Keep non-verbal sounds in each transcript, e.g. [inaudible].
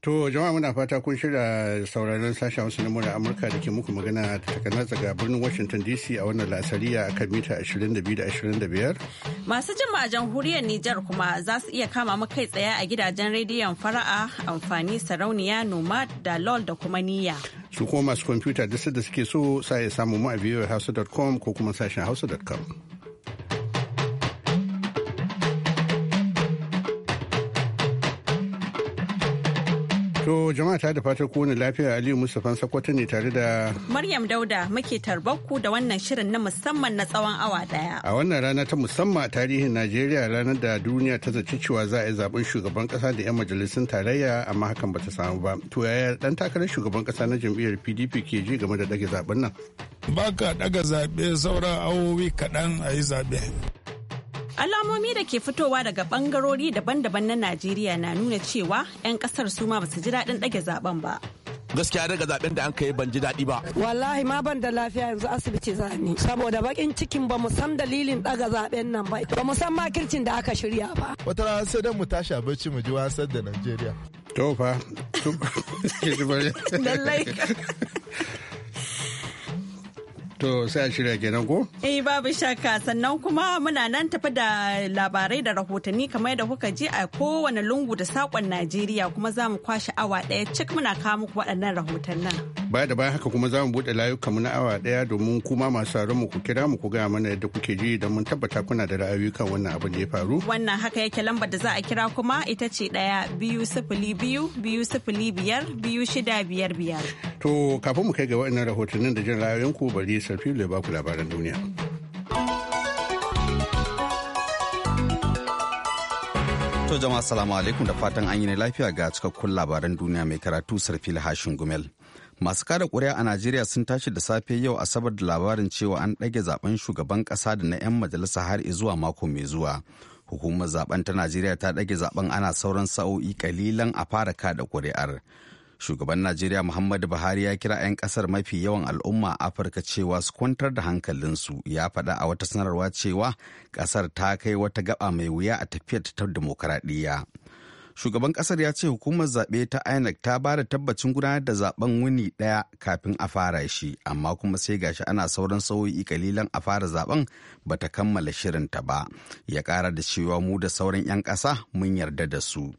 To jama'a muna fata kun shirya sauraron sashen wasu na mura Amurka da ke muku magana ta takanar daga birnin Washington DC a wannan lasariya a kan mita 22 25. Masu jin a jamhuriyar Nijar kuma za su iya kama mu kai tsaye a gidajen rediyon fara'a amfani sarauniya nomad da lol da kuma niyya. Su kuma masu kwamfuta da suke so sa ya samu mu a hausa.com ko kuma sashen hausa.com. To jama'a ta da fatar kowane lafiya Aliyu Mustapha Sakwato ne tare da Maryam Dauda muke tarbakku da wannan shirin na musamman na tsawon awa daya. A wannan rana ta musamman a tarihin Najeriya ranar da duniya ta zaci cewa za a yi zaben shugaban kasa da 'yan majalisun tarayya amma hakan bata samu ba. To yaya dan takarar shugaban kasa na jam'iyyar PDP ke ji game da dage zaben nan? Baka daga zabe saura awowi kaɗan a yi zaɓe. Alamomi da ke fitowa daga bangarori daban-daban na Najeriya na nuna cewa 'yan kasar su ma su ji daɗin ɗage zaben ba. gaskiya daga zaben da an kai ban ji daɗi ba. Wallahi ma ban da lafiya yanzu asibiti za ni saboda bakin cikin ba mu san dalilin daga zaben nan ba ba mu san makircin da aka shirya ba. Wata rana sai dan mu tashi a bacci mu ji wasan da Najeriya. To fa. [laughs] Lallai. [laughs] To sai a shirya kenan ko? Eh babu shakka sannan kuma muna nan tafi da labarai da rahotanni kamar da kuka ji a kowane lungu da sakon Najeriya kuma za mu kwashe awa ɗaya cik muna kawo muku waɗannan rahotannin. Baya da bayan haka kuma za mu buɗe mu na awa ɗaya domin kuma masu mu ku kira mu ku gaya mana yadda kuke ji don mun tabbata kuna da ra'ayoyi kan wannan abin da ya faru. Wannan haka yake lamba da za a kira kuma ita ce ɗaya biyu sifili biyu biyu sifili biyar biyu shida biyar biyar. To kafin mu kai ga wa'annan rahotannin da jin ra'ayoyinku bari Sarfilu ya ku labaran duniya. To jama'a salamu alaikum da fatan an yi lafiya ga cikakkun labaran duniya mai karatu sarfi hashin gumel. masu kada kuri'a a najeriya sun tashi da safe yau asabar da labarin cewa an ɗage zaben shugaban ƙasa da na 'yan majalisa har zuwa mako mai zuwa hukumar zaben ta najeriya ta ɗage zaben ana sauran sa'o'i kalilan a fara kada kuri'ar shugaban najeriya muhammadu buhari ya kira 'yan kasar mafi yawan al'umma a afirka cewa su kwantar da hankalinsu ya faɗa a wata sanarwa cewa ƙasar ta kai wata gaba mai wuya a tafiyar ta dimokuraɗiyya shugaban kasar ya ce hukumar zaɓe ta inec ta ba da tabbacin gudanar da zaben wuni ɗaya kafin a fara shi amma kuma sai gashi ana sauran sauyi kalilan a fara zaben ba ta kammala shirinta ba ya ƙara da cewa mu da sauran 'yan ƙasa mun yarda da su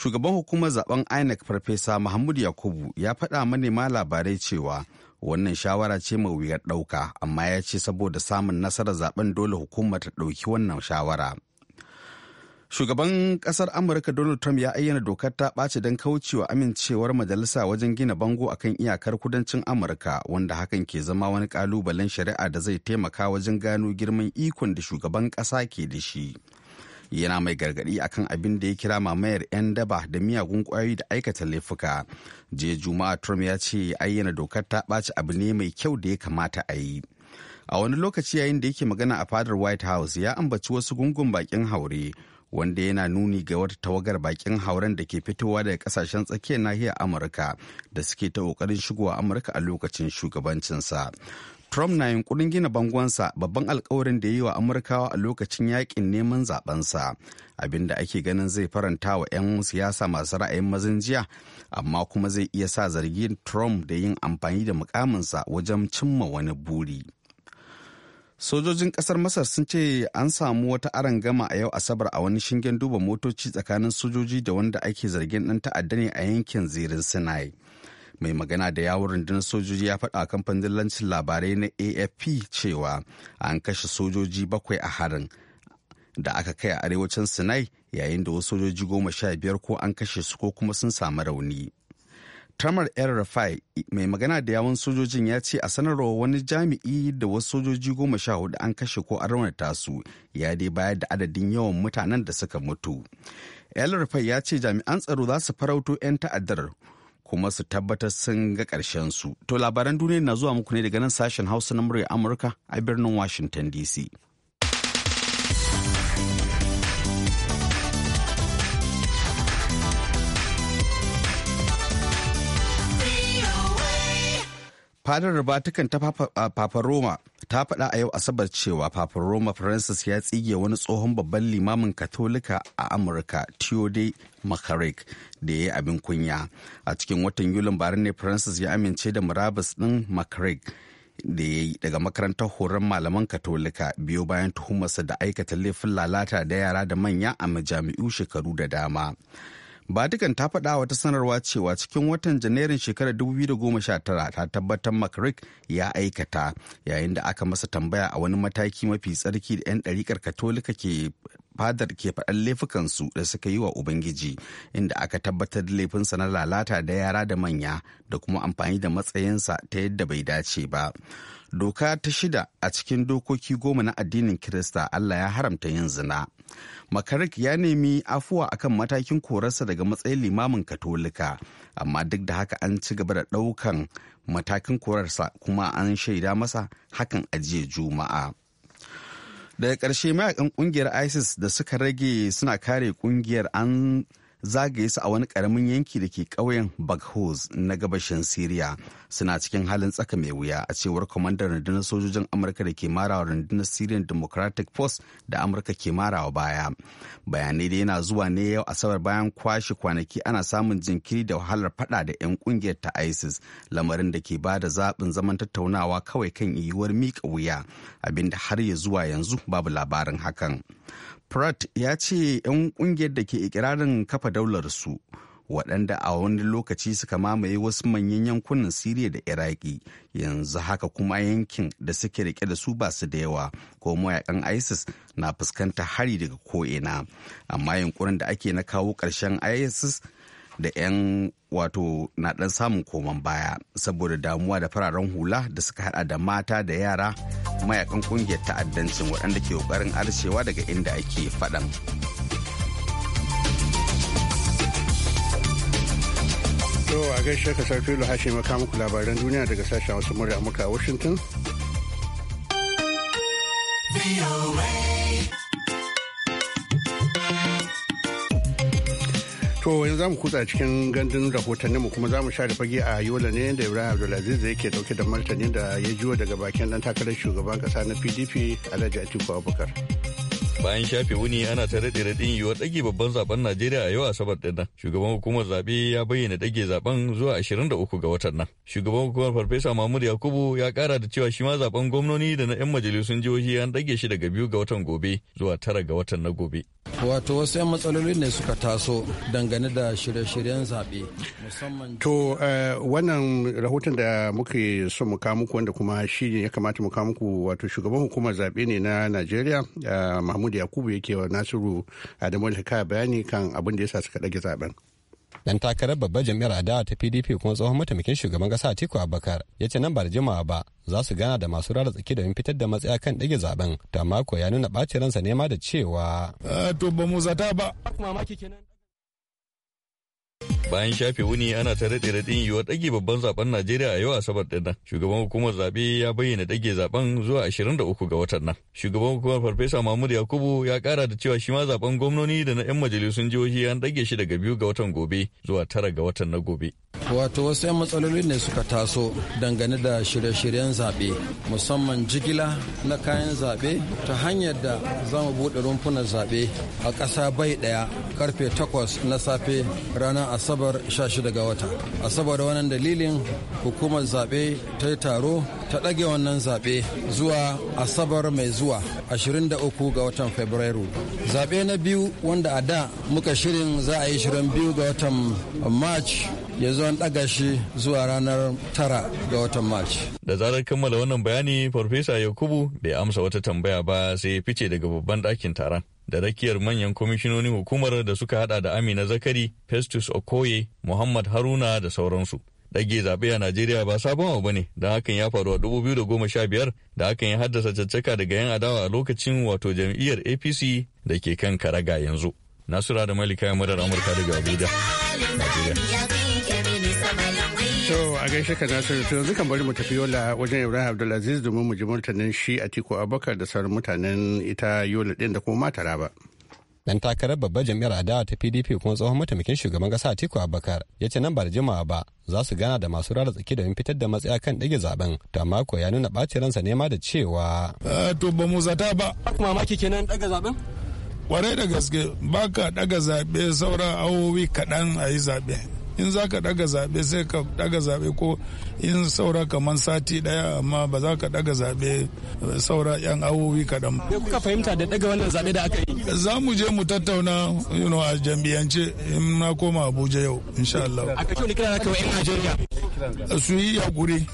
shugaban hukumar zaben inec farfesa mahmud yakubu ya faɗa manema labarai cewa wannan shawara ce mai wuyar ɗauka amma ya ce saboda samun nasarar zaben dole hukumar ta ɗauki wannan shawara Shugaban ƙasar Amurka Donald Trump ya ayyana dokar ta ɓace don kaucewa amincewar majalisa wajen gina bango a kan iyakar kudancin Amurka wanda hakan ke zama wani ƙalubalen shari'a da zai taimaka wajen gano girman ikon da shugaban ƙasa ke da shi. Yana mai gargaɗi akan abin da ya kira mamayar 'yan daba da miyagun ƙwayoyi da aikata laifuka. je Juma'a Trump ya ce ayyana dokar ta ɓaci abu ne mai kyau da ya kamata a yi. A wani lokaci yayin da yake magana a fadar White House ya ambaci wasu gungun bakin haure wanda yana nuni ga wata tawagar bakin hauren da ke fitowa daga kasashen tsakiyar nahiyar amurka da suke ta kokarin shigowa amurka a lokacin shugabancinsa trump na yunkurin gina bangonsa babban alkawarin da yi wa amurkawa a lokacin yakin neman zabensa da ake ganin zai faranta wa 'yan siyasa masu ra'ayin mazin jiya amma kuma zai iya sa zargin trump da yin amfani da mukaminsa wajen cimma wani buri. sojojin kasar masar sun ce an samu wata arangama a yau asabar a wani shingen duba motoci tsakanin sojoji da wanda ake zargin dan ta'adda ne a yankin zirin sinai mai magana da yawon rundunar sojoji ya faɗa kamfanin lancin labarai na afp cewa an kashe sojoji bakwai a harin da aka kai a arewacin sinai yayin da wasu sojoji goma sha biyar ko an kashe su ko kuma sun samu rauni tamar el rafai mai magana da yawon sojojin ya ce a sanarwa wani jami'i da wasu sojoji goma sha hudu an kashe ko an raunata su ya dai bayar da adadin yawan mutanen da suka mutu el rafai ya ce jami'an tsaro za su farauto 'yan ta'addar kuma su tabbatar sun ga ƙarshen su to labaran duniya na zuwa muku ne daga nan sashen hausa na murya amurka a birnin washington dc fadar Vatican ta Papa Roma ta faɗa a yau Asabar cewa Papa Roma Francis ya tsige wani tsohon babban limamin Katolika a Amurka tiode Makarik da ya yi abin kunya. A cikin watan Yulin bara ne Francis ya amince da murabus ɗin Makarik da ya yi daga makarantar horon malaman Katolika biyo bayan tuhumarsa da aikata laifin lalata da yara da manya a majami'u shekaru da dama. Batikan ta faɗa wata sanarwa cewa cikin watan Janairun shekarar 2019 ta tabbatar makarik ya aikata yayin da aka masa tambaya a wani mataki mafi tsarki da 'yan ɗarikar Katolika ke fadar ke faɗan laifukansu da suka yi wa Ubangiji, inda aka tabbatar da laifinsa na lalata da yara da manya da kuma amfani da matsayinsa ta yadda bai dace ba. doka ta shida a cikin dokoki goma na addinin kirista allah ya haramta yin zina makarik ya nemi afuwa akan matakin korarsa daga matsayin limamin katolika amma duk da haka an ci gaba da ɗaukan matakin korarsa kuma an shaida masa hakan a jiya juma'a daga ƙarshe mayakan ƙungiyar isis da suka rage suna kare ƙungiyar an zagaye su a wani karamin yanki da ke ƙauyen Baghouz na gabashin Siriya suna cikin halin tsaka mai wuya a cewar kwamandan rundunar sojojin Amurka da ke marawa rundunar Syrian Democratic Force da Amurka ke marawa baya. Bayanai da yana zuwa ne yau Asabar bayan kwashe kwanaki ana samun jinkiri da wahalar fada da 'yan kungiyar ta ISIS lamarin da ke ba da zaɓin zaman tattaunawa kawai kan yiwuwar miƙa wuya abinda har ya zuwa yanzu babu labarin hakan. Pratt ya ce 'yan kungiyar da ke ikirarin kafa daular su waɗanda a wani lokaci suka mamaye wasu manyan yankunan Siriya da Iraki yanzu haka kuma yankin da suke rike da su basu da yawa ko mayakan ISIS na fuskantar hari daga ko'ina amma yankunan da ake na kawo ƙarshen ISIS da 'yan wato na ɗan samun koman baya saboda damuwa da fararen hula da suka hada da mata da yara mayakan ƙungiyar ta'addancin waɗanda ke ƙoƙarin arcewa daga inda ake faɗan. To a gaishe ka sarfi hashe maka labaran duniya daga sashen wasu murya Amurka a Washington. To yanzu zamu kutsa cikin gandun rahotannin mu kuma zamu share fage a Yola ne da Ibrahim Abdulaziz da yake dauke da martani da ya jiwo daga bakin dan takarar shugaban kasa na PDP Alhaji Atiku Abubakar. bayan shafe wuni ana ta raɗe radin yiwuwar ɗage babban zaben najeriya a yau asabar ɗin nan shugaban hukumar zaɓe ya bayyana ɗage zaben zuwa 23 ga watan nan shugaban hukumar farfesa mahmud yakubu ya kara da cewa shi ma zaben gwamnoni da na 'yan majalisun jihohi an ɗage shi daga biyu ga watan gobe zuwa tara ga watan na gobe wato wasu 'yan matsaloli ne suka taso dangane da shirye-shiryen zaɓe to eh, wannan rahoton da muke so mu kawo muku wanda kuma shi ne ya kamata mu kawo muku wato shugaban hukumar zaɓe ne na najeriya eh, mahmud mahmud yakubu yake wa nasiru adamu da ka bayani kan abin da yasa suka ɗage zaben dan takarar babbar jami'ar adawa ta pdp kuma tsohon mataimakin shugaban kasa atiku abubakar ya ce nan ba da jimawa ba za su gana da masu rara tsaki domin fitar da matsaya kan ɗage zaben ta amma ya nuna ɓacin ransa nema da cewa eh, to ba mu zata ba mamaki kenan bayan shafe wuni ana ta daɗe daɗin yiwuwar ɗage babban zaben najeriya a yau asabar ɗin nan shugaban hukumar zaɓe ya bayyana ɗage zaben zuwa 23 ga watan nan shugaban hukumar farfesa mahmud yakubu ya kara da cewa shi ma zaben gwamnoni da na 'yan majalisun jihohi an ɗage shi daga biyu ga watan gobe zuwa tara ga watan na gobe wato wasu 'yan matsaloli ne suka taso dangane da shirye-shiryen zaɓe musamman jigila na kayan zaɓe ta hanyar da za mu buɗe rumfunan zaɓe a ƙasa bai ɗaya karfe takwas na safe ranar asabar asabar 16 ga wata a saboda wannan dalilin hukumar zaɓe ta yi taro ta ɗage wannan zaɓe zuwa asabar mai zuwa 23 ga watan fabrairu zaɓe na biyu wanda a da muka shirin za a yi shirin biyu ga watan march ya zo an ɗaga shi zuwa ranar tara ga watan march da zarar kammala wannan bayani farfesa yakubu bai amsa wata tambaya ba sai ya fice daga babban ɗakin taron da rakiyar manyan kwamishinonin hukumar da suka hada da Amina Zakari, Festus Okoye, Muhammad Haruna da sauransu. Ɗage zaɓe a Najeriya ba sabon abu ne don hakan ya faru a 2015 da hakan ya haddasa caccaka daga 'yan adawa a lokacin wato jam'iyyar APC da ke kan karaga yanzu. Nasura da Malika ya murar Amurka daga Abuja, To a gaishe ka Nasiru to yanzu kan bari mu tafi yola wajen Ibrahim Abdulaziz domin mu ji martanin shi a Tiko Abubakar da sauran mutanen ita yola din da kuma matara ba. Dan takarar babbar jami'ar adawa ta PDP kuma tsohon mataimakin shugaban kasa tiko Abubakar ya ce nan ba da jimawa ba za su gana da masu rara tsaki domin fitar da matsaya kan ɗage zaben to amma ko ya nuna ɓacin ransa nema da cewa. Eh, to ba mu zata ba. Mamaki kenan ɗaga zaben? Kwarai da gaske baka ɗaga zaɓe saura awowi kaɗan a yi zaɓe. in za ka daga zaɓe sai ka daga zaɓe ko in saura kamar sati ɗaya amma ba za ka daga zaɓe eh, saura yan awowi kaɗan. ba. kuka fahimta da daga wannan zaɓe da aka yi? Za mu je mu tattauna you know, a jam'iyyance in na koma Abuja yau insha Allah. A kashe wani kira na kawai 'yan Najeriya. Su yi hakuri.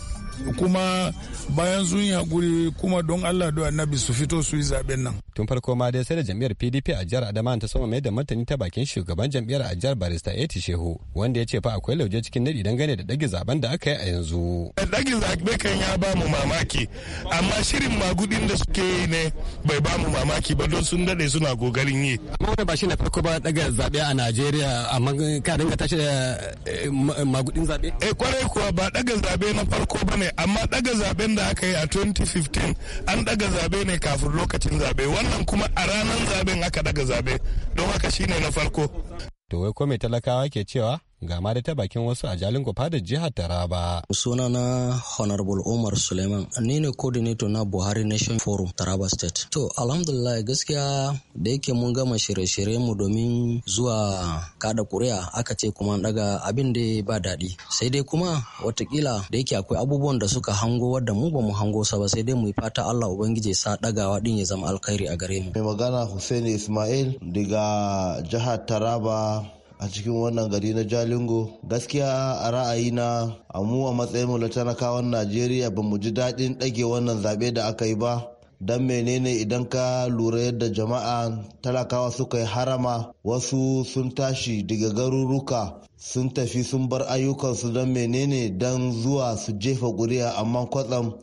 kuma bayan sun haƙuri kuma don Allah da annabi su fito su yi zaben nan. Tun farko ma dai sai da jam'iyyar PDP a jihar Adama ta soma mai da martani ta bakin shugaban jam'iyyar a jihar Barista Eti Shehu wanda ya ce fa akwai lauje cikin nadi dangane da dage zaben da aka yi a yanzu. Dage zabe kan ya ba mu mamaki amma shirin magudin da suke yi ne bai ba mu mamaki ba don sun dade suna gogarin yi. Amma wannan ba shi na farko ba daga zabe a Najeriya amma ka dinga tashi da eh, magudin zabe. Eh kwarai kuwa ba daga zabe na farko ba ne ne amma daga zaben da aka yi a 2015 an daga zabe ne kafin lokacin zabe wannan kuma a ranar zaben aka daga zabe don haka shine na farko to wai ko mai talakawa ke cewa ga ma da ta bakin wasu a jalin da jihar Taraba. Suna na Honorable Omar Suleiman, ni ne coordinator na Buhari Nation Forum Taraba State. To, alhamdulillah gaskiya da yake mun gama shirye-shirye mu domin zuwa kada kuri'a aka ce kuma daga abin da ba daɗi. Sai dai kuma watakila da yake akwai abubuwan da suka hango wadda mu ba mu hango sa ba sai dai mu fata Allah Ubangiji sa dagawa din ya zama alkhairi a gare mu. Mai magana Hussein Ismail daga jihar Taraba a cikin wannan gari na jalingo gaskiya a ra'ayina a mu a mu na talakawan najeriya ba mu ji daɗin ɗage wannan zaɓe da aka yi ba don menene idan ka lura yadda jama'a talakawa suka yi harama wasu sun tashi daga garuruka sun tafi sun bar ayyukansu don menene don zuwa su jefa ƙuri'a amma kwatsam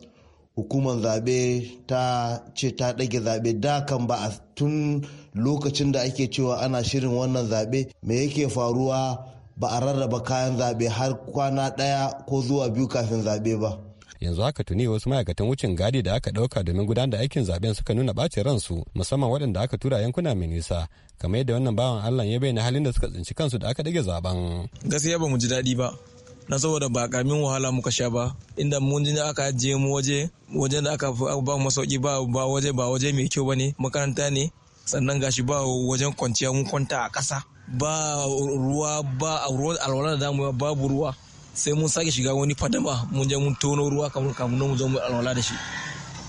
hukumar zaɓe ta ce ta ɗage zaɓe da kan ba a tun lokacin da ake cewa ana shirin wannan zaɓe me yake faruwa ba a rarraba kayan zaɓe har kwana ɗaya ko zuwa biyu kafin zaɓe ba. yanzu haka tuni wasu ma'aikatan wucin gadi da aka ɗauka domin gudanar da aikin zaben suka nuna ɓacin ransu musamman waɗanda aka tura yankuna mai nisa kamar yadda wannan bawan allah ya bayyana halin da suka tsinci kansu da aka ɗage zaben gaskiya ba mu ji daɗi ba na saboda ba kamin wahala muka sha ba inda mun ji aka ajiye mu waje wajen da aka ba mu masauki ba waje ba waje mai kyau ba ne makaranta ne sannan gashi ba wajen kwanciya mun kwanta a ƙasa ba ruwa ba ruwan alwala da damu babu ruwa sai mun sake shiga wani fadama mun je mun tono ruwa kamun mu zo mu alwala da shi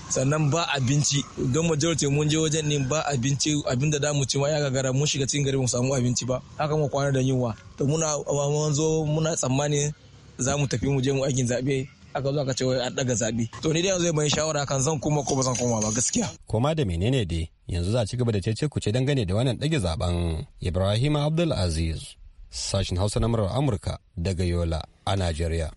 sannan ba abinci don majority mun je wajen ne ba abinci abin da damu ci ma ya gagara mun shiga cikin gari mu samu abinci ba haka mu kwana da yunwa to muna mun zo muna tsammani za mu tafi mu je mu aikin zabe aka zo aka ce wai an daga zabi to ni dai yanzu mai shawara kan zan koma ko ba zan koma ba gaskiya koma da menene dai yanzu za a ci gaba da cece ku ce dangane da wannan dage zaben Ibrahim Abdul Aziz sashin Hausa na murar Amurka daga Yola a Najeriya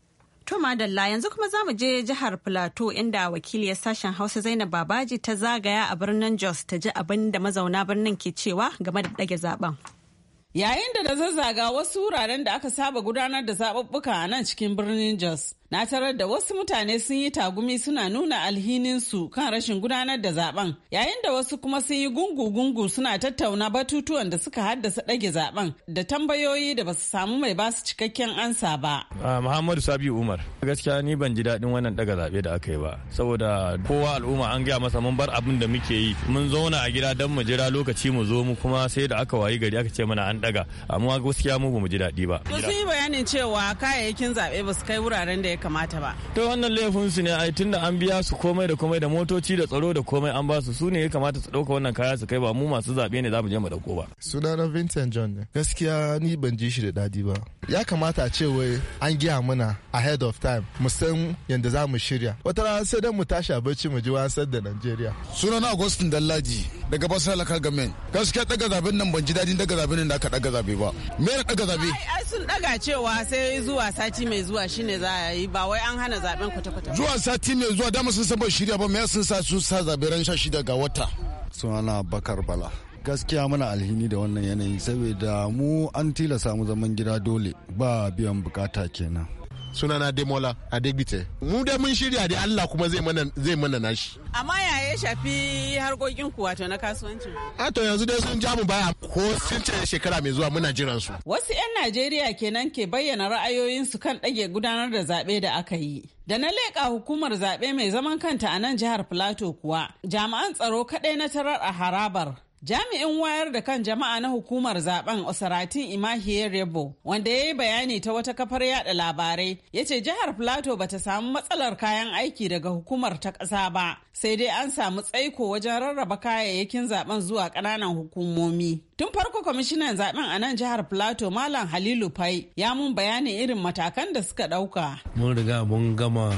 To Madalla yanzu kuma za mu je jihar plateau inda wakiliyar sashen Hausa Zainab Babaji ta zagaya a birnin Jos ta ji abin da mazauna birnin ke cewa game da dage zaben. Yayin da da zazzaga wasu wuraren da aka saba gudanar da zaɓuɓɓuka a nan cikin birnin Jos, na tarar da wasu mutane sun yi tagumi suna nuna alhininsu kan rashin gudanar da zaben yayin da wasu kuma sun yi gungu-gungu suna tattauna batutuwan da suka haddasa ɗage zaben da tambayoyi da basu samu mai basu cikakken ansa ba. Ah, Muhammadu Sabi Umar gaskiya ni ban ji daɗin wannan ɗaga zaɓe da aka yi ba saboda kowa al'umma an gaya masa mun bar abin da muke yi mun zauna a gida don mu jira lokaci mu zo mu kuma sai da aka wayi gari aka ce mana an ɗaga amma gaskiya mu ba mu ji daɗi ba. Sun yi bayanin cewa kayayyakin zaɓe ba su kai wuraren da ya ya kamata ba to wannan laifin su ne ai da an biya su komai da komai da motoci da tsaro da komai an ba su su ne ya kamata su dauka wannan kaya su kai ba mu masu zabe ne za mu je mu dauko ba sunana Vincent John gaskiya ni ban ji shi da dadi ba ya kamata a ce wai an giya mana ahead of time mu san yanda za mu shirya wata rana sai dan mu tashi a bacci mu ji wasan da Najeriya sunana Augustin Dallaji daga basar local gamen gaskiya daga zaben nan ban ji dadin daga zaben nan da aka daga zabe ba me ya daga zabe ai sun daga cewa sai zuwa sati mai zuwa shine za a yi ba wai an hana zaben kwata kwata zuwa sati mai zuwa dama sun san ban shirya ba me sun sa sun sa zabe ran 16 daga wata sunana bakar bala gaskiya muna alhini da wannan yanayin saboda mu an tilasa mu zaman gida dole ba biyan bukata kenan sunana demola degbite mu da mun shirya da allah kuma zai mana zai mana nashi amma ya ya shafi harkokin ku wato na kasuwanci a to yanzu dai sun ja mu baya ko sun ce shekara mai zuwa muna jiran su wasu yan najeriya kenan ke bayyana ra'ayoyinsu kan ɗage gudanar da zaɓe da aka yi da na leƙa hukumar zaɓe mai zaman kanta a nan jihar plateau kuwa jami'an tsaro kaɗai na tarar a harabar Jami'in wayar da kan jama'a na hukumar zaben Osaratin Imahiyar Rebo, wanda ya yi bayani ta wata kafar yada labarai, ya ce jihar Plateau ba ta samu matsalar kayan aiki daga hukumar ta ƙasa ba, sai dai an samu tsaiko wajen rarraba kayayyakin zaben zuwa ƙananan hukumomi. Tun farko kwamishinan zaben a nan jihar Plateau Malam Halilu Fai ya mun bayanin irin matakan da suka ɗauka. Mun riga mun gama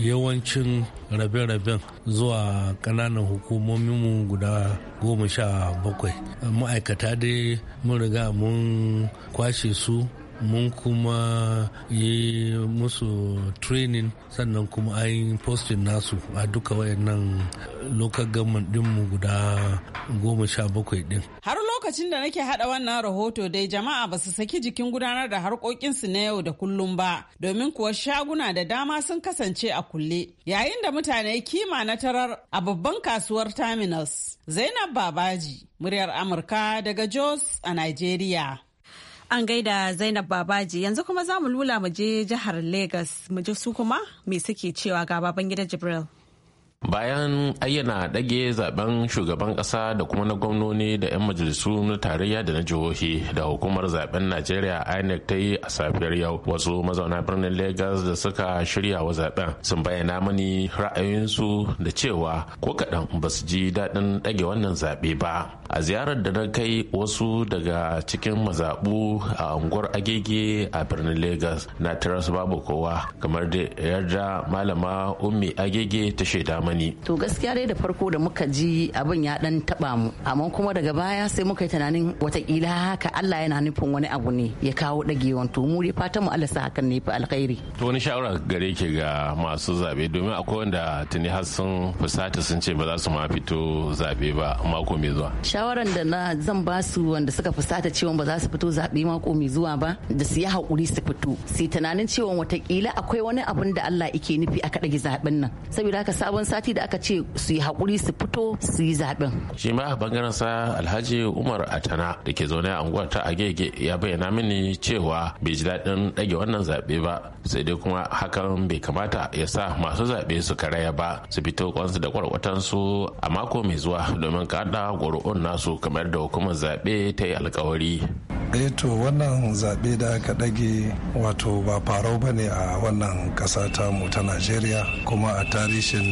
yawancin rabe-raben zuwa ƙananan hukumominmu guda goma sha bakwai ma'aikata dai mun riga mun kwashe su mun kuma yi musu training sannan kuma an yi posting nasu a duka wayannan local government dinmu guda goma sha bakwai din. Har lokacin da nake hada wannan rahoto dai jama'a ba su saki jikin gudanar da harkokinsu na yau da kullum ba domin kuwa shaguna da dama sun kasance a kulle yayin da mutane kima na tarar a babban kasuwar terminals, Zainab Babaji, muryar Amurka daga Jos a Nigeria. An gaida Zainab Babaji yanzu kuma za mu lula mu je jihar Legas mu ji su kuma me suke cewa ga baban gidan Jibril. bayan ayyana ɗage zaben shugaban ƙasa da kuma na gwamnoni da 'yan majalisu na tarayya da na jihohi da hukumar zaben najeriya inec ta yi a safiyar yau wasu mazauna birnin Legas da suka shirya wa zaben sun bayyana mani ra'ayinsu da cewa ko kaɗan ba su ji daɗin ɗage wannan zaɓe ba a ziyarar da na kai wasu daga cikin mazaɓu a unguwar agege a birnin Legas, na tiras babu kowa kamar da yarda malama ummi agege ta shaida zamani to gaskiya dai da farko da muka ji abin ya dan taba mu amma kuma daga baya sai muka yi tunanin watakila haka Allah yana nufin wani abu ne ya kawo dagewan to mu dai fatan mu Allah sa hakan ne fi alkhairi to wani shawara gare ke ga masu zabe domin akwai wanda tuni har sun fusata sun ce ba za su ma fito zabe ba mako mai zuwa shawaran da na zan ba su wanda suka fusata cewa ba za su fito zabe mako mai zuwa ba da su yi hakuri su fito su tunanin cewa watakila akwai wani abun da Allah yake nufi aka dage zaben nan saboda haka sabon sa sati da aka ce su yi hakuri su fito su yi zaɓen. shi ma a bangaren sa alhaji umar atana da ke zaune a unguwar ta agege ya bayyana mini cewa bai ji daɗin ɗage wannan zaɓe ba sai dai kuma hakan bai kamata ya sa masu zaɓe su karaya ba su fito kwansu da kwarkwatansu a mako mai zuwa domin kaɗa ƙuri'un nasu kamar da hukumar zaɓe ta yi alkawari. Eh to wannan zaɓe da aka ɗage wato ba farau ba ne a wannan ƙasa mu ta najeriya kuma a tarihin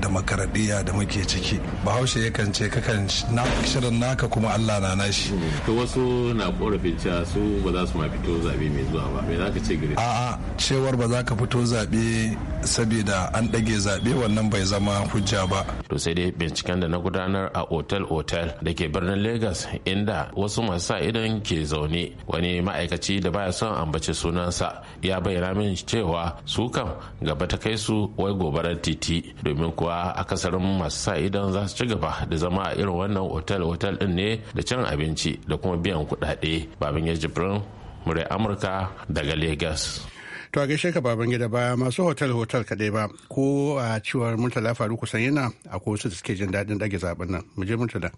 da makaradiyya da muke ciki bahaushe yakan ce kakan na shirin naka kuma allah na nashi to wasu na korafin cewa su ba za su ma fito zabe mai zuwa ba me za ka ce gare a'a cewar ba za ka fito zabe saboda an ɗage zabe wannan bai zama hujja ba to sai dai binciken da na gudanar a otel otel da ke birnin lagos inda wasu masu sa idan ke zaune wani ma'aikaci da baya son ambace sunansa ya bayyana min cewa su kam gaba ta kai su wai gobarar titi domin kuwa akasarin masu sa idan za su ci gaba da zama a irin wannan otal-otal din ne da cin abinci da kuma biyan kuɗaɗe babin ya jibrin murai amurka daga lagos to a gaishe ka baban gida ba masu hotel hotel kadai ba ko a cewar murtala faru kusan yana ko wasu da suke jin daɗin dage zaben nan mu je murtala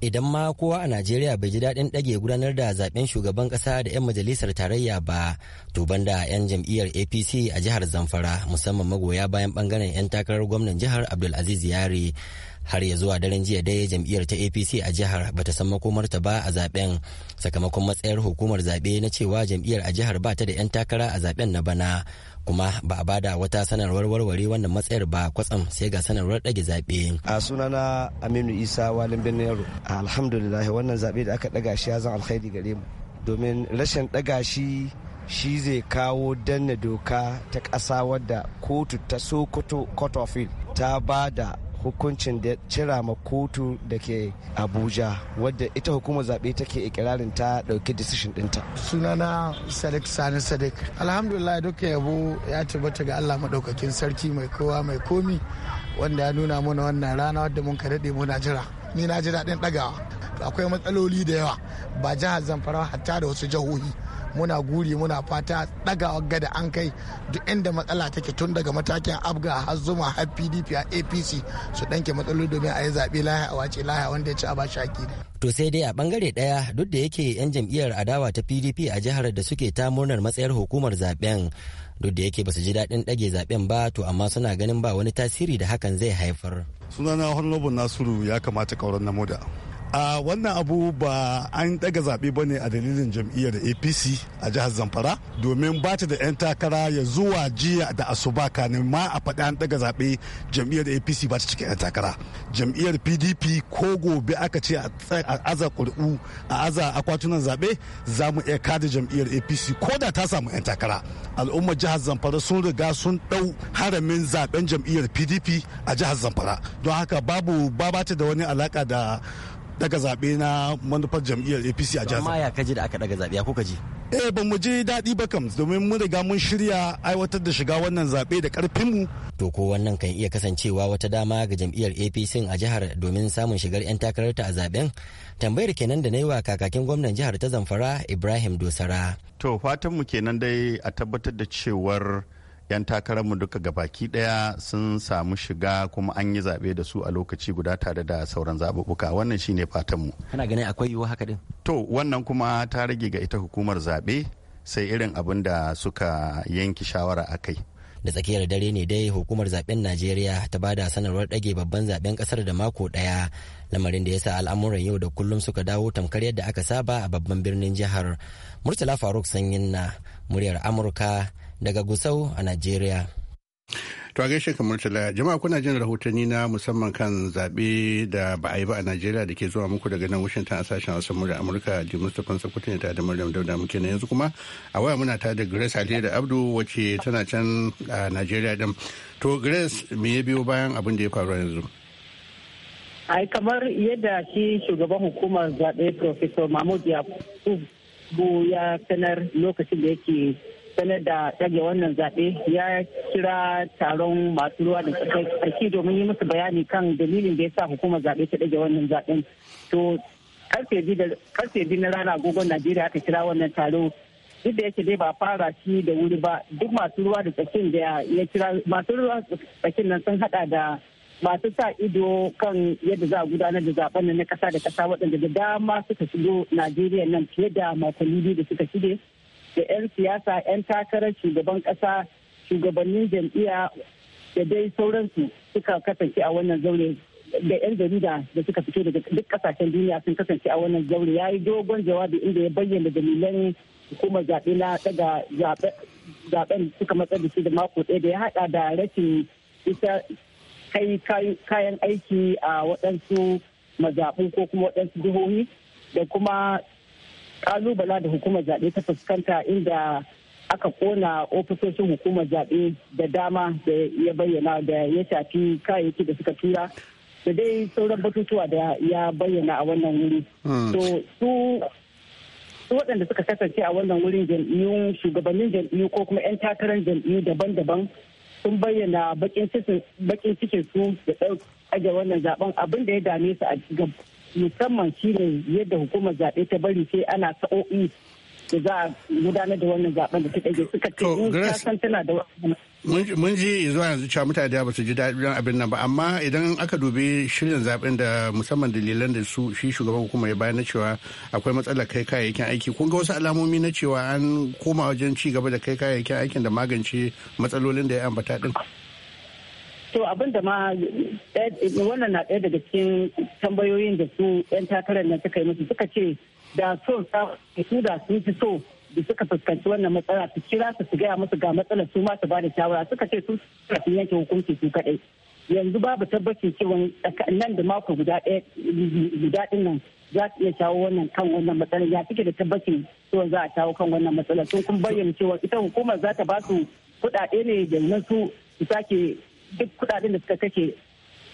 idan ma kowa a najeriya bai ji daɗin ɗage gudanar da zaben shugaban ƙasa da 'yan majalisar tarayya ba to banda 'yan jam'iyyar apc a jihar zamfara musamman magoya bayan ɓangaren 'yan takarar gwamnan jihar abdulaziz yare har ya zuwa daren jiya dai jam'iyyar ta apc a jihar ta san makomarta ba a zaben sakamakon matsayar hukumar zaɓe na cewa jam'iyyar a jihar ba ta da 'yan takara a zaben na bana kuma ba a bada wata sanarwar warware wannan matsayar ba kwatsam sai ga sanarwar ɗage zaɓe. a sunana aminu isa walin birnin yaro alhamdulillah wannan zaɓe da aka ɗaga shi ya zan alkhairi gare mu domin rashin ɗaga shi shi zai kawo danna doka ta ƙasa wadda kotu ta sokoto kotofil ta ba da hukuncin da cira ma kotu da ke abuja wadda ita hukumar zaɓe take ikirarin ta ɗauki decision ɗinta sunana sadiq sani sadiq alhamdulillah duka yabo ya tabbata ga allah maɗaukakin sarki mai kowa mai komi wanda ya nuna mana wannan rana wadda mun ka daɗe muna jira ni na ji daɗin ɗagawa akwai matsaloli da yawa ba jihar zamfara hatta da wasu jihohi muna guri muna fata ɗagawa gada an kai duk inda matsala take tun daga matakin abga har zuma har pdp a apc su ɗanke matsaloli domin a yi zaɓe lahiya a wace lahiya wanda ya ci a ba shaki to sai dai a bangare ɗaya duk da yake 'yan jam'iyyar adawa ta pdp a jihar da suke ta murnar matsayar hukumar zaben duk da yake basu ji daɗin ɗage zaben ba to amma suna ganin ba wani tasiri da hakan zai haifar sunana honorable nasiru ya kamata kauran namoda a wannan abu ba an daga zaɓe ba ne a dalilin jam'iyyar apc a jihar zamfara domin ba ta da 'yan takara ya zuwa jiya da asuba kanin ma a faɗi an daga zaɓe jam'iyyar apc ba ta cikin 'yan takara jam'iyyar pdp ko gobe aka ce a aza ƙuri'u a aza akwatunan zaɓe za mu iya kada jam'iyyar apc ko da ta samu 'yan takara al'ummar jihar zamfara sun riga sun ɗau haramin zaɓen jam'iyyar pdp a jihar zamfara don haka babu ba ta da wani alaka da daga zaɓe na manufar jam'iyyar apc a jihar amma ya kaji da aka daga zaɓe ya kuka ji eh ba mu ji daɗi ba kam domin mun riga mun shirya aiwatar da shiga wannan zaɓe da ƙarfin mu. to ko wannan kan iya kasancewa wata dama ga jam'iyyar apc a jihar domin samun shigar 'yan takararta a zaɓen tambayar kenan da na yi wa kakakin gwamnan jihar ta zamfara ibrahim dosara to fatan mu kenan dai a tabbatar da cewar 'yan takararmu duka ga baki daya sun samu shiga kuma an yi zaɓe da su a lokaci guda tare da sauran zaɓuɓɓuka wannan shine fatanmu kana ganin akwai yiwuwa haka din to wannan kuma ta rage ga ita hukumar zaɓe sai irin abin da suka yanki shawara a kai da tsakiyar dare ne dai hukumar zaɓen najeriya ta ba da sanarwar ɗage babban zaɓen ƙasar da mako ɗaya lamarin da ya sa al'amuran yau da kullum suka dawo tamkar yadda aka saba a babban birnin jihar murtala faruk sanyin na muryar amurka daga Gusau a Najeriya. To a gaishe kamar tala jama'a kuna jin rahotanni na musamman kan zaɓe da ba a yi ba a Najeriya da ke zuwa muku daga nan Washington a sashen wasan murya Amurka da Mustapha ne ta da Maryam Dauda muke na yanzu kuma a waya muna ta da Grace Ali da Abdu wacce tana can a Najeriya din. To Grace me ya biyo bayan abin da ya faru yanzu? Ai kamar yadda shi shugaban hukumar zaɓe Professor Mahmud Yakubu ya sanar lokacin da yake sanar da ɗage wannan zaɓe ya kira taron masu ruwa da tsarki domin yi musu bayani kan dalilin da ya sa hukumar zaɓe ta ɗage wannan zaɓen. To karfe biyu na rana agogon Najeriya aka kira wannan taro duk da yake dai ba fara shi da wuri ba duk masu ruwa da tsakin da ya kira masu ruwa tsakin nan sun hada da masu sa ido kan yadda za a gudanar da zaben na kasa da kasa waɗanda da dama suka shigo Najeriya nan fiye da makonni biyu da suka shige. da 'yan siyasa 'yan takarar shugaban ƙasa shugabannin jam'iyya da dai sauransu suka kasance a wannan zaure da 'yan jarida da suka fito daga duk kasashen duniya sun kasance a wannan zaure ya yi dogon jawabi inda ya bayyana dalilan hukumar zaɓe na daga zaɓen suka matsar da shi da mako ɗaya da ya haɗa da rashin isa kai kayan aiki a waɗansu mazaɓu ko kuma waɗansu jihohi da kuma kalubala da hukumar zaɓe ta fuskanta inda aka kona ofisoshin hukumar zaɓe da dama da ya bayyana da ya shafi kayayyaki da suka tura da dai sauran batutuwa da ya bayyana a wannan wuri. Hmm. To su su waɗanda suka kasance a wannan wurin jam'iyyun shugabannin jam'iyyu ko kuma 'yan takarar jam'iyyu daban-daban sun bayyana bakin cikin su da ajiye wannan zaben abin da ya dame su a musamman shine yadda hukumar zaɓe ta bari sai ana sa'o'i da za a gudanar da wannan zaɓen da ta ɗage suka ce in san tana da mun ji zuwa yanzu cewa mutane da ba su ji daɗin abin nan ba amma idan aka dubi shirin zaɓen da musamman dalilan da su shi shugaban hukuma ya bayar na cewa akwai matsalar kai kayayyakin aiki kun ga wasu alamomi na cewa an koma wajen ci gaba da kai kayayyakin aikin da magance matsalolin da ya ambata din. to abin da ma eh, wannan na ɗaya daga cikin tambayoyin da su 'yan takarar nan suka yi musu suka ce da so su da sun fi so da suka fuskanci wannan matsala su kira su su gaya musu ga matsalar su ma su ba da shawara suka ce su sun yanke hukunci su kaɗai yanzu babu tabbacin cewa nan da mako guda guda ɗin nan za su iya shawo wannan kan wannan matsalar ya suke da tabbacin cewa za a shawo kan wannan matsalar sun kun bayyana cewa ita hukumar za ta ba su kuɗaɗe ne da su su sake duk kudaden da suka kake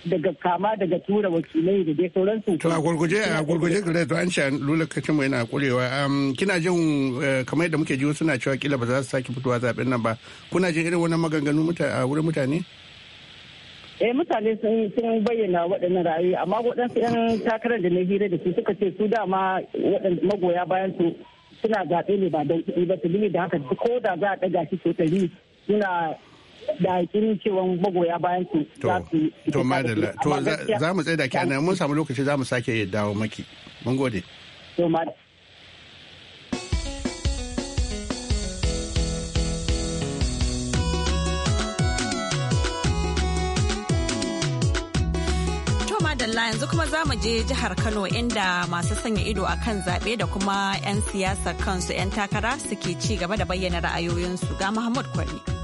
daga kama daga tura wakilai da dai sauransu. To a gurguje a gurguje gare to an ce lokacin mu yana kurewa. Um, kina jin eh, kamar yadda muke ji suna cewa kila ba za su sake fitowa zaben nan ba. Kuna jin irin wannan maganganu a wurin mutane? Eh mutane sun bayyana waɗannan ra'ayi amma waɗansu 'yan takarar da na hira da su suka ce su dama waɗanda magoya bayan su suna zaɓe ne ba don kuɗi ba su da haka ko da za a ɗaga shi sau ɗari suna da hakinin cewa magoya bayan su to madalla to za mu tsaye da ke anan mun samu lokaci za mu sake dawo maki mun gode to madalla yanzu kuma za mu je jihar Kano inda masu sanya ido a kan zaɓe da kuma 'yan siyasa kansu 'yan takara suke ci gaba da bayyana ra'ayoyinsu ga Muhammad Kwari.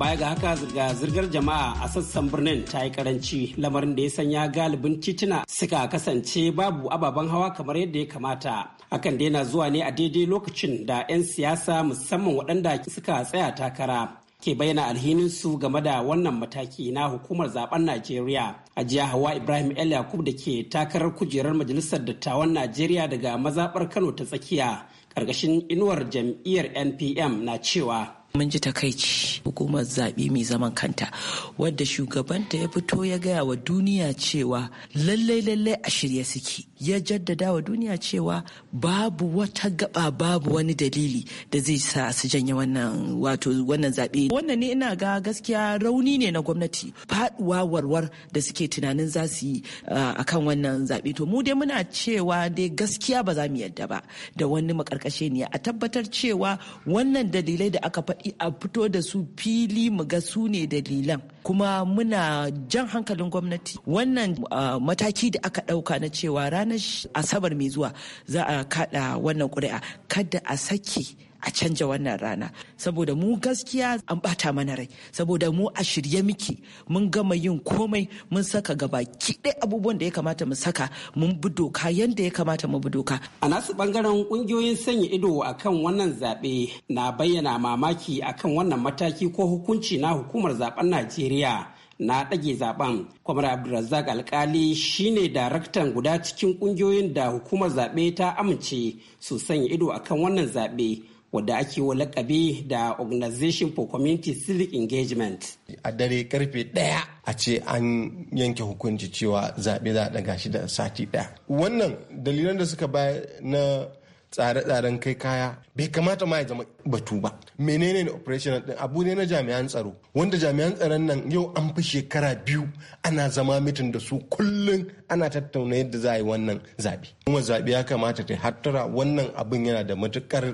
baya ga haka zirga-zirgar jama'a a sassan birnin ta yi karanci lamarin da ya sanya galibin tituna suka kasance babu ababen hawa kamar yadda ya kamata hakan daina zuwa ne a daidai lokacin da 'yan siyasa musamman waɗanda suka tsaya takara ke bayyana su game da wannan mataki na hukumar zaben Najeriya. A jiya Hawa Ibrahim El Yakub da ke takarar kujerar Majalisar Dattawan Najeriya daga mazaɓar Kano ta tsakiya, ƙarƙashin inuwar jam'iyyar NPM na cewa mun ji takaici hukumar zaɓe mai zaman kanta wadda shugabanta ya fito ya gaya wa duniya cewa lallai lallai a shirya suke ya jaddada wa duniya cewa babu wata gaba babu wani dalili da zai sa su janye wannan wato wannan zaɓe wannan ne ina ga gaskiya rauni ne na gwamnati faduwa warwar da suke tunanin za su yi ah, akan wannan zaɓe to mu dai muna cewa dai gaskiya ba za mu yadda ba da wani makarkashe ne a tabbatar cewa wannan dalilai da aka faɗi a fito da su fili mu ga su ne dalilan kuma muna jan hankalin gwamnati wannan mataki da aka ɗauka na cewa ranar asabar mai zuwa za a kaɗa wannan ƙuri'a kada a sake a canja wannan rana saboda mu gaskiya an bata mana rai saboda mu a shirye miki mun gama yin komai mun saka gaba kiɗe abubuwan da ya kamata mu saka mun bi doka yadda ya kamata mu bi doka a nasu bangaren kungiyoyin sanya ido akan wannan zaɓe na bayyana mamaki akan wannan mataki ko hukunci na hukumar zaben najeriya na ɗage zaben kwamar abdulrazak alkali shine daraktan guda cikin ƙungiyoyin da hukumar zaɓe ta amince su sanya ido akan wannan zaɓe wadda ake wa lakabi da organization for community civic engagement a dare karfe daya a ce an yanke hukunci cewa zaɓe za a ɗaga shi da sati daya wannan dalilan da suka bayar na tsare-tsaren kai kaya bai kamata ma ya zama batu ba menene ne operation din abu ne na jami'an tsaro wanda jami'an tsaron nan yau an fi shekara biyu ana zama mitin da su kullum ana tattauna yadda za a yi wannan zaɓe kuma zaɓe ya kamata ta hattara wannan abin yana da matukar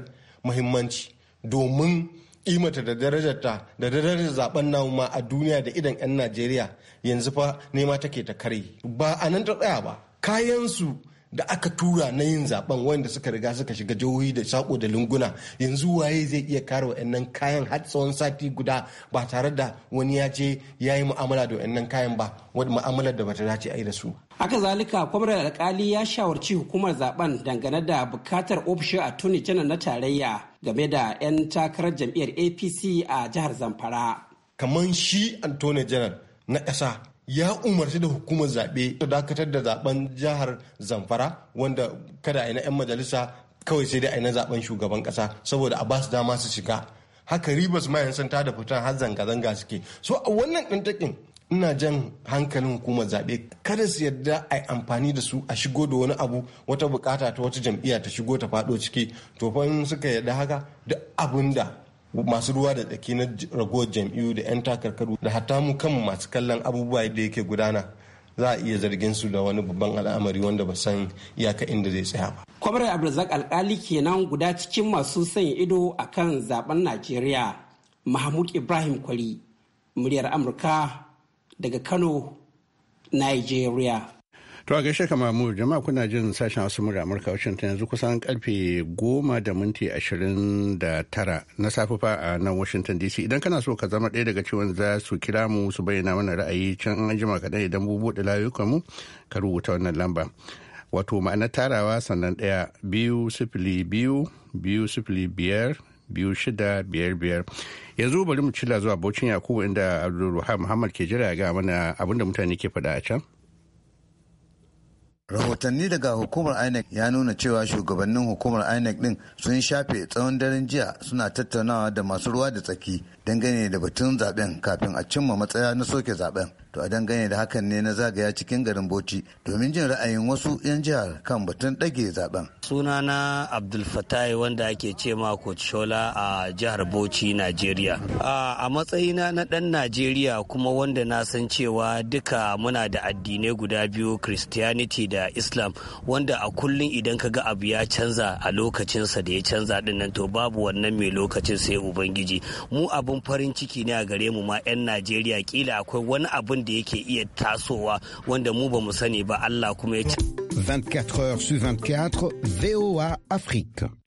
muhimmanci domin imata da darajarta da darajar zaben namu ma a duniya da idan 'yan najeriya yanzu fa nema take ta kare ba a nan ta tsaya ba kayansu da aka tura na yin zaben wanda suka riga suka shiga jihohi da sako da lunguna yanzu waye zai iya kare wa'annan kayan har tsawon sati guda ba tare da wani ya ce ya yi mu'amala da wa'annan kayan ba wani mu'amalar da bata dace a yi da su. haka zalika kwamrar alkali ya shawarci hukumar zaben dangane da bukatar ofishin tuni janar na tarayya game da 'yan takarar jam'iyyar apc a jihar zamfara. kamar shi attorney janar na ƙasa ya umarci da hukumar zaɓe ta dakatar da zaben jihar zamfara wanda kada a yi na 'yan majalisa kawai sai dai a yi na zaben shugaban ƙasa saboda a ba su dama su shiga haka ribas ma sun ta da fitan har zanga-zanga suke so a wannan ɗintakin ina jan hankalin hukumar zaɓe kada su yarda a yi amfani da su a shigo da wani abu wata bukata ta wata jam'iyya ta shigo ta faɗo ciki to fa suka yarda haka duk abinda. masu ruwa da tsaki na ragowar jam'iyyu da 'yan takarkaru da hatta mu kanmu masu kallon abubuwa da yake gudana za a iya zargin su da wani babban al'amari wanda ba san iyaka inda zai tsaya ba. Kwamrar Abdulrazak alkali kenan guda cikin masu sanya ido a kan zaben Najeriya. Mahmud Ibrahim Kwari, muryar Amurka daga Kano, Nigeria. To a gaishe kama mu jama'a kuna jin sashen wasu mura Amurka Washington yanzu kusan karfe goma da minti ashirin da tara na safe fa a nan Washington DC idan kana so ka zama ɗaya daga ciwon za su kira mu su bayyana mana ra'ayi can an jima kaɗan idan mu buɗe layukan mu ka rubuta wannan lamba. Wato ma'ana tarawa sannan ɗaya biyu sifili biyu biyu sifili biyar biyu shida biyar biyar yanzu bari mu cilla zuwa baucin yakubu inda abdulruha muhammad ke jira ga mana abinda mutane ke faɗa a can. rahotanni daga hukumar inec ya nuna cewa shugabannin hukumar inec din sun shafe tsawon daren jiya suna tattaunawa da masu ruwa da tsaki dangane da batun zaben kafin a cimma matsaya na soke zaben to a dangane da hakan ne na zagaya cikin garin bauchi domin jin ra'ayin wasu 'yan jihar kan batun ɗage zaben sunana abdul fatai wanda ake ce ma shola a jihar bauchi najeriya a matsayina na ɗan najeriya kuma wanda na san cewa duka muna da addinai guda biyu christianity da islam wanda a kullum idan ka ga abu ya canza a lokacinsa da ya canza din nan to babu wannan mai lokacin sai ubangiji mu abin farin ciki ne a gare mu ma 'yan najeriya kila akwai wani abin da yake iya tasowa wanda mu ba mu sani ba Allah kuma ya ci. 24 heures sur 24 VOA Afrique.